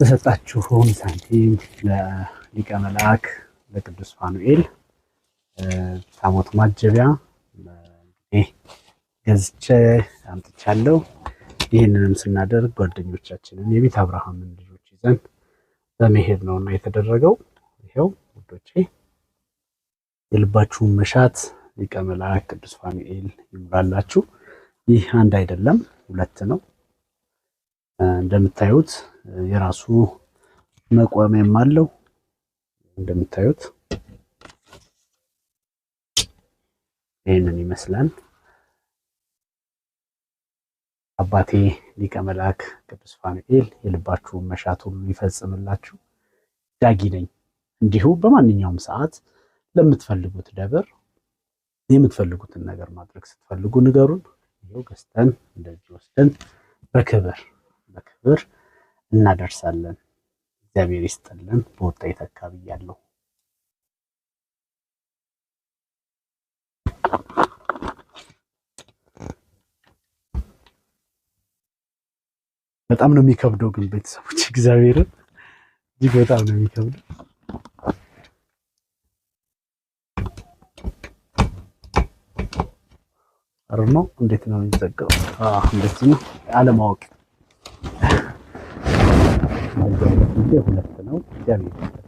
ለሰጣችሁን ሳንቲም ለሊቀ መልአክ ለቅዱስ ፋኑኤል ታቦት ማጀቢያ ገዝቼ አምጥቻለሁ። ይህንንም ስናደርግ ጓደኞቻችንን የቤት አብርሃምን ልጆች ይዘን በመሄድ ነውና የተደረገው። ይኸው ውዶቼ የልባችሁን መሻት ሊቀ መልአክ ቅዱስ ፋኑኤል ይምራላችሁ። ይህ አንድ አይደለም ሁለት ነው። እንደምታዩት የራሱ መቋሚያም አለው። እንደምታዩት ይህንን ይመስላል። አባቴ ሊቀ መልአክ ቅዱስ ፋኑኤል የልባችሁን መሻት ሁሉ ይፈጽምላችሁ። ዳጊ ነኝ። እንዲሁ በማንኛውም ሰዓት ለምትፈልጉት ደብር የምትፈልጉትን ነገር ማድረግ ስትፈልጉ ንገሩን። ይኸው ገዝተን እንደዚህ ወስደን በክብር በክብር እናደርሳለን። እግዚአብሔር ይስጥልን። በወጣ የተካ ብያለሁ። በጣም ነው የሚከብደው፣ ግን ቤተሰቦች እግዚአብሔርን እጅግ በጣም ነው የሚከብደው። አሩ ነው እንዴት ነው የሚዘጋው? እንደዚህ ነው አለማወቅ በዚህ አይነት ጉዳይ ሁለት ነው። እግዚአብሔር